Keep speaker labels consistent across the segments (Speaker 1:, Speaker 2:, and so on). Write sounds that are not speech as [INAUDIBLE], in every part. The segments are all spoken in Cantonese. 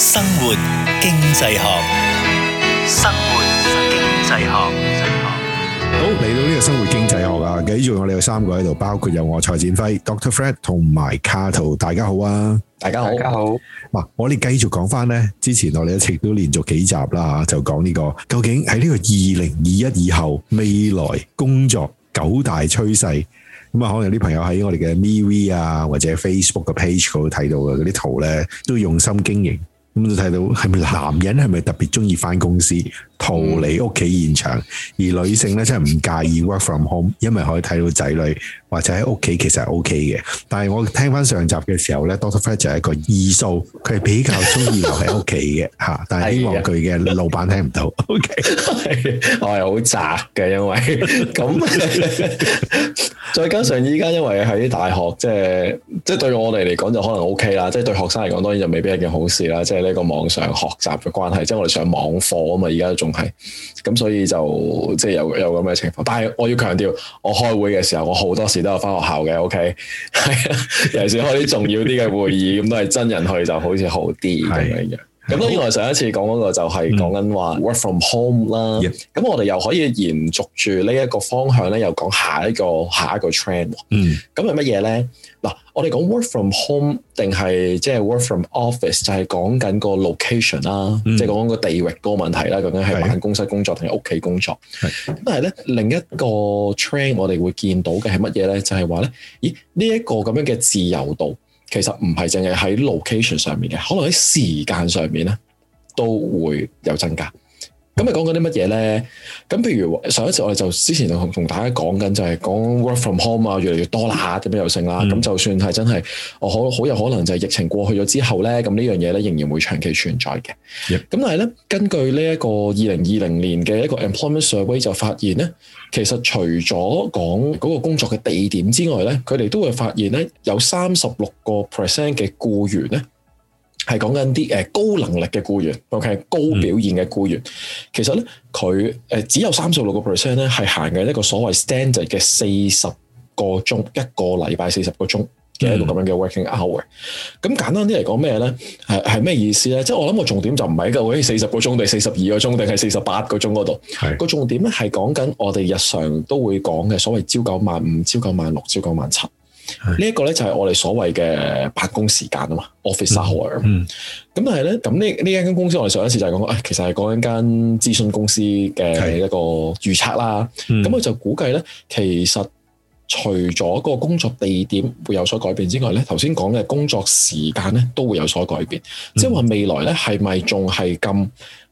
Speaker 1: 生活經濟
Speaker 2: 學，生
Speaker 1: 活經濟學，學好嚟到呢個生活經濟學啊！繼續我哋有三個喺度，包括有我蔡展輝、Doctor Fred 同埋 Cato，大家好啊！大家好，大家好。嗱，我哋繼續講翻呢之前我哋一直都連續幾集啦就講呢個究竟喺呢個二零二一以後未來工作九大趨勢。咁啊，可能有啲朋友喺我哋嘅 MeWe 啊或者 Facebook 嘅 Page 嗰度睇到嘅嗰啲圖咧，都用心經營。咁就睇到係咪男人係咪特別中意翻公司逃離屋企現場，而女性咧真係唔介意 work from home，因為可以睇到仔女或者喺屋企其實係 O K 嘅。但係我聽翻上集嘅時候咧 [LAUGHS] ，Doctor Fred 就係一個異數，佢係比較中意留喺屋企嘅吓， [LAUGHS] 但係希望佢嘅老
Speaker 3: 闆聽唔到。 [LAUGHS] O Okay . K， [LAUGHS] [LAUGHS] 我係好渣嘅，因為咁 [LAUGHS] [LAUGHS] 再加上依家因為喺大學，即係即係對我哋嚟講就可能 O K 啦，即係對學生嚟講當然就未必係件好事啦，即係。呢個網上學習嘅關係，即係我哋上網課啊嘛，而家都仲係咁，所以就即係有有咁嘅情況。但係我要強調，我開會嘅時候，我好多時都有翻學校嘅。OK，係尤其是開啲重要啲嘅會議，咁 [LAUGHS] 都係真人去就好似好啲咁是樣嘅。咁當然我上一次講嗰個就係講緊話 work from home 啦，嗯，咁我哋又可以延續住呢一個方向咧，又講下一個下一個 trend。嗯，咁係乜嘢咧？嗱，我哋講 work from home 定係即係 work from office 就係講緊個 location 啦，嗯，即係講緊個地域個問題啦，究竟係辦公室工作定係屋企工作？咁的但係咧另一個 trend 我哋會見到嘅係乜嘢咧？就係話咧，咦呢一個咁樣嘅自由度。其實唔係淨係喺 location 上面嘅，可能喺時間上面都會有增加。咁咪講緊啲乜嘢咧？咁譬如上一次我哋就之前同同大家講緊就係講 work from home 啊，越嚟越多啦，咁樣又剩啦。咁就算係真係，哦，好好有可能就係疫情過去咗之後咧，咁呢樣嘢咧仍然會長期存在嘅。咁但係咧，根據呢一個二零二零年嘅一個 employment survey 就發現咧，其實除咗講嗰個工作嘅地點之外咧，佢哋都會發現咧，有三十六個 percent 嘅雇員咧。係講緊啲高能力嘅僱員，OK，高表現嘅僱員，嗯、其實咧佢只有三十六個 percent 咧係行嘅一個所謂 standard 嘅四十個鐘，一個禮拜四十個鐘嘅一個咁樣嘅 working hour。咁、嗯、簡單啲嚟講咩咧？係咩意思咧？即係我諗個重點就唔係一個四十個鐘定四十二個鐘定係四十八個鐘嗰度。個是重點咧係講緊我哋日常都會講嘅所謂朝九晚五、朝九晚六、朝九晚七。呢一個咧就係我哋所謂嘅辦公時間啊嘛，office hour、嗯。咁、嗯、但係咧，咁呢呢間公司我哋上一次就係講，誒、哎、其實係講緊間諮詢公司嘅一個預測啦。咁佢、嗯、就估計咧，其實除咗個工作地點會有所改變之外咧，頭先講嘅工作時間咧都會有所改變，嗯、即係話未來咧係咪仲係咁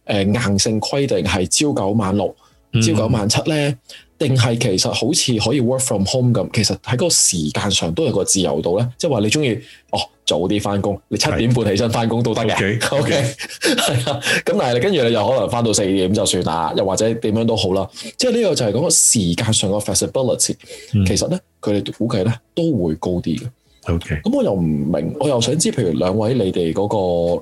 Speaker 3: 誒硬性規定係朝九晚六？朝九晚七咧，定係其實好似可以 work from home 咁，其實喺個時間上都有個自由度咧。即係話你中意哦早啲翻工，你七點半起身翻工都得嘅。O K，係啊。咁 Okay, okay. [LAUGHS] 但係你跟住你又可能翻到四點就算啦，又或者點樣都好啦。即係呢個就係講時間上個 flexibility、嗯。其實咧，佢哋估計咧都會高啲嘅。O K，咁我又唔明，我又想知，譬如兩位你哋嗰個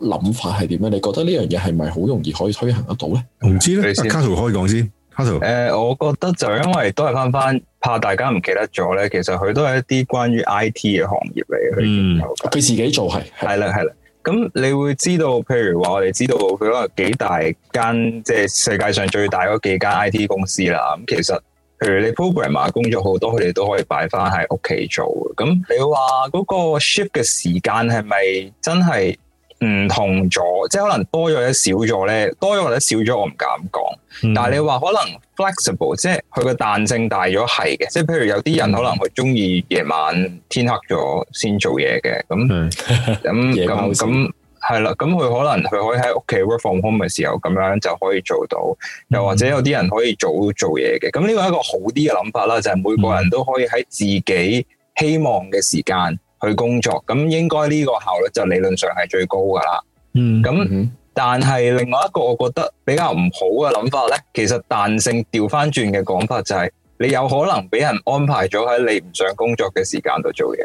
Speaker 3: 諗法係點樣？你覺得呢樣嘢係咪好容易可以推行得到咧？
Speaker 2: 唔知咧卡圖可以講先。誒、呃，我覺得就因為都係翻翻，怕大家唔記得咗咧，其實佢都係一啲關於 I T 嘅行業嚟嘅。嗯，佢自己做係係啦，係啦。咁你會知道，譬如話我哋知道佢嗰幾大間，即係世界上最大嗰幾間 I T 公司啦。咁其實，譬如你 program 啊，工作好多，佢哋都可以擺翻喺屋企做。咁你話嗰個 shift 嘅時間係咪真係？唔同咗，即係可能多咗或者少咗咧，多咗或者少咗，我唔敢講。但係你話可能 flexible，即係佢個彈性大咗係嘅，即係譬如有啲人可能佢中意夜晚天黑咗先做嘢嘅，咁咁咁咁係啦。咁佢 [LAUGHS] 可能佢可以喺屋企 work from home 嘅時候咁樣就可以做到。又，嗯、或者有啲人可以早做嘢嘅，咁呢個係一個好啲嘅諗法啦，就係、是、每個人都可以喺自己希望嘅時間。嗯去工作咁，應該呢個效率就理論上係最高㗎喇。嗯，咁但係另外一個我覺得比較唔好嘅諗法咧，其實彈性調返轉嘅講法就係，你有可能俾人安排咗喺你唔想工作嘅時間度做嘢。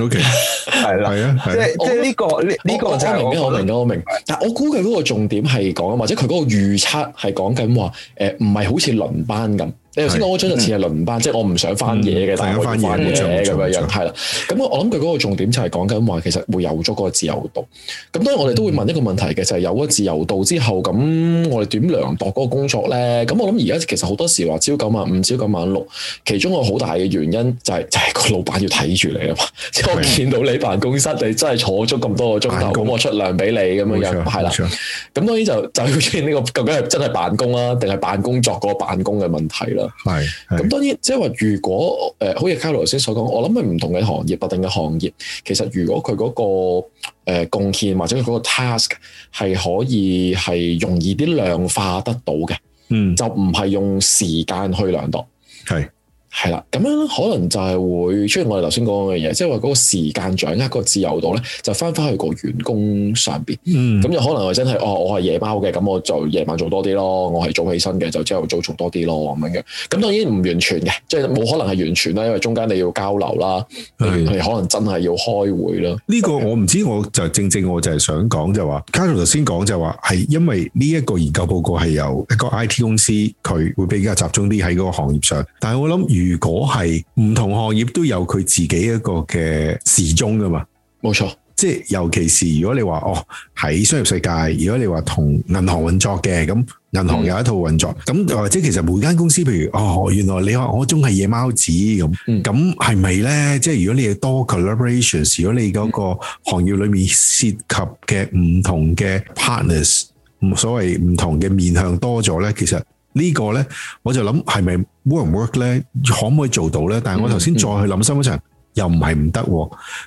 Speaker 2: OK，係啦，係啊，即係即係呢個呢呢個我明嘅，我明嘅，
Speaker 3: 我明。但係我估佢嗰個重點係講，或者佢嗰個預測係講緊話，誒唔係好似輪班咁。你頭先講嗰張就似係輪班，即係我唔想翻嘢嘅，但係我要翻嘢咁樣樣，係啦。咁我我諗佢嗰個重點就係講緊話，其實會有咗嗰個自由度。咁當然我哋都會問一個問題嘅，就係有咗自由度之後，咁我哋點量度嗰個工作咧？咁我諗而家其實好多時話朝九晚五、朝九晚六，其中個好大嘅原因就係就係個老闆要睇住你啊嘛。即我見到你辦公室，你真係坐咗咁多個鐘頭，咁我出糧俾你咁樣樣，係啦。咁當然就就要出現呢個究竟係真係辦公啊，定係辦工作嗰個辦公嘅問題啦。係，咁當然，即係話如果誒，好、呃、似卡羅斯所講，我諗佢唔同嘅行業，特定嘅行業，其實如果佢嗰、那個誒貢獻或者佢嗰個 task 係可以係容易啲量化得到嘅，嗯，就唔係用時間去量度，係。係啦，咁樣可能就係會出現我哋頭先講嘅嘢，即係話嗰個時間掌握、嗰個自由度咧，就翻返去個員工上面。咁、嗯、就可能係真係，哦，我係夜貓嘅，咁我就夜晚做多啲咯，我係早起身嘅，就朝頭早做多啲咯咁樣嘅。咁當然唔完全嘅，即係冇可能係完全啦，因為中間你要交流啦，的你可能真係要開會啦。呢個我唔知，
Speaker 1: 我就正正我就係想講就話、是，嘉樂頭先講就話係因為呢一個研究報告係由一個 I T 公司佢會比較集中啲喺嗰個行業上，但係我諗。如果係唔同行業都有佢自己一個嘅時鐘噶嘛，冇錯。即係尤其是如果你話哦喺商業世界，如果你話同銀行運作嘅，咁銀行有一套運作，咁、嗯、或者其實每間公司，譬如哦原來你話我中係夜貓子咁，咁係咪咧？即係如果你要多 collaborations，如果你嗰個行業裏面涉及嘅唔同嘅 partners，、嗯、所謂唔同嘅面向多咗咧，其實。呢個咧，我就諗係咪 work 唔 work 咧，可唔可以做到咧？但係我頭先再去諗深一層，嗯嗯、又唔係唔得，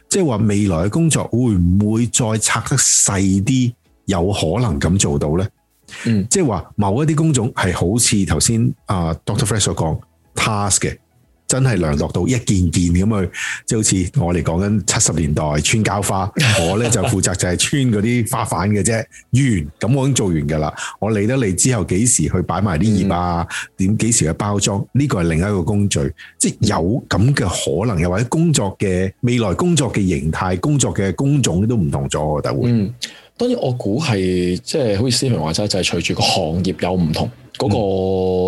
Speaker 1: 即係話未來嘅工作會唔會再拆得細啲，有可能咁做到咧？嗯，即係話某一啲工種係好似頭先啊 Doctor Fresh 所講 task 嘅。真係量落到一件件咁去，即係好似我哋講緊七十年代穿膠花， [LAUGHS] 我呢就負責就係穿嗰啲花瓣嘅啫。完咁我已經做完㗎啦，我理得你之後幾時去擺埋啲葉啊？點幾時去包裝？呢個係另一個工序，即係有咁嘅可能，又或者工作嘅未來工作嘅形態、工作嘅工種都
Speaker 3: 唔同咗。我覺得會、嗯，當然我估係即係好似 Stephen 話齋，就係、是就是、隨住個行業有唔同。嗰、嗯、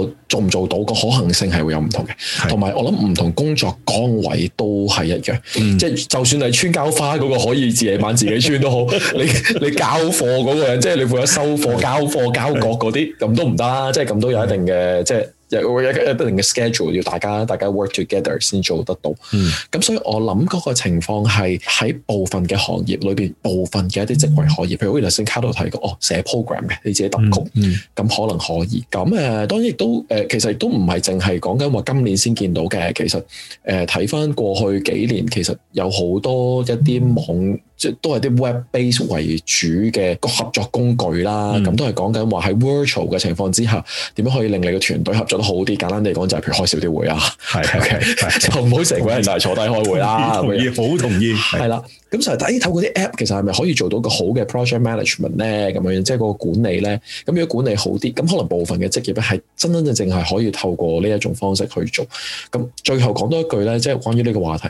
Speaker 3: 個做唔做到、那個可行性係會有唔同嘅，同埋的我諗唔同工作崗位都係一樣，即的、嗯、就算係穿膠花嗰個可以自己玩，自己穿都好， [LAUGHS] 你你交貨嗰個人，即係 [LAUGHS] 你會有收貨、交貨、 [LAUGHS] 交割嗰啲，咁的都唔得，即係咁都有一定嘅即係有會一一定嘅 schedule，要大家大家 work together 先做得到。咁、嗯、所以我諗嗰個情況係喺部分嘅行業裏邊，部分嘅一啲職位可以，嗯、譬如好似頭先卡都睇過，哦寫 program 嘅，你自己揼曲，咁、嗯嗯、可能可以。咁誒當然亦都誒，其實亦都唔係淨係講緊話今年先見到嘅。其實誒睇翻過去幾年，其實有好多一啲網。即都係啲 web base 為主嘅個合作工具啦，咁、嗯、都係講緊話喺 virtual 嘅情況之下，點樣可以令你個團隊合作得好啲？簡單地講就係，譬如開少啲會啊，係 OK，就唔好成個人就係意坐低開會啦。同意，好同意。係啦意，咁實質透過啲 app 其實係咪可以做到個好嘅 project management 咧？咁樣即係個管理咧，咁如果管理好啲，咁可能部分嘅職業咧係真真正正係可以透過呢一種方式去做。咁最後講多一句咧，即、就、係、是、關於呢個話題，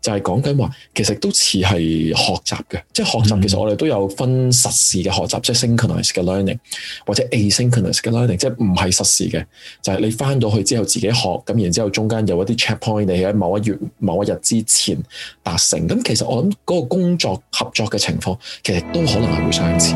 Speaker 3: 就係講緊話其實都似係學習。即係學習，其實我哋都有分實時嘅學習，嗯、即係 synchronous 嘅 learning 或者 asynchronous 嘅 learning，即係唔係實時嘅，就係、是、你翻到去之後自己學，咁然後之後中間有一啲 checkpoint 你喺某一月某一日之前達成，咁其實我諗嗰個工作合作嘅情況，其實都可能係會相似。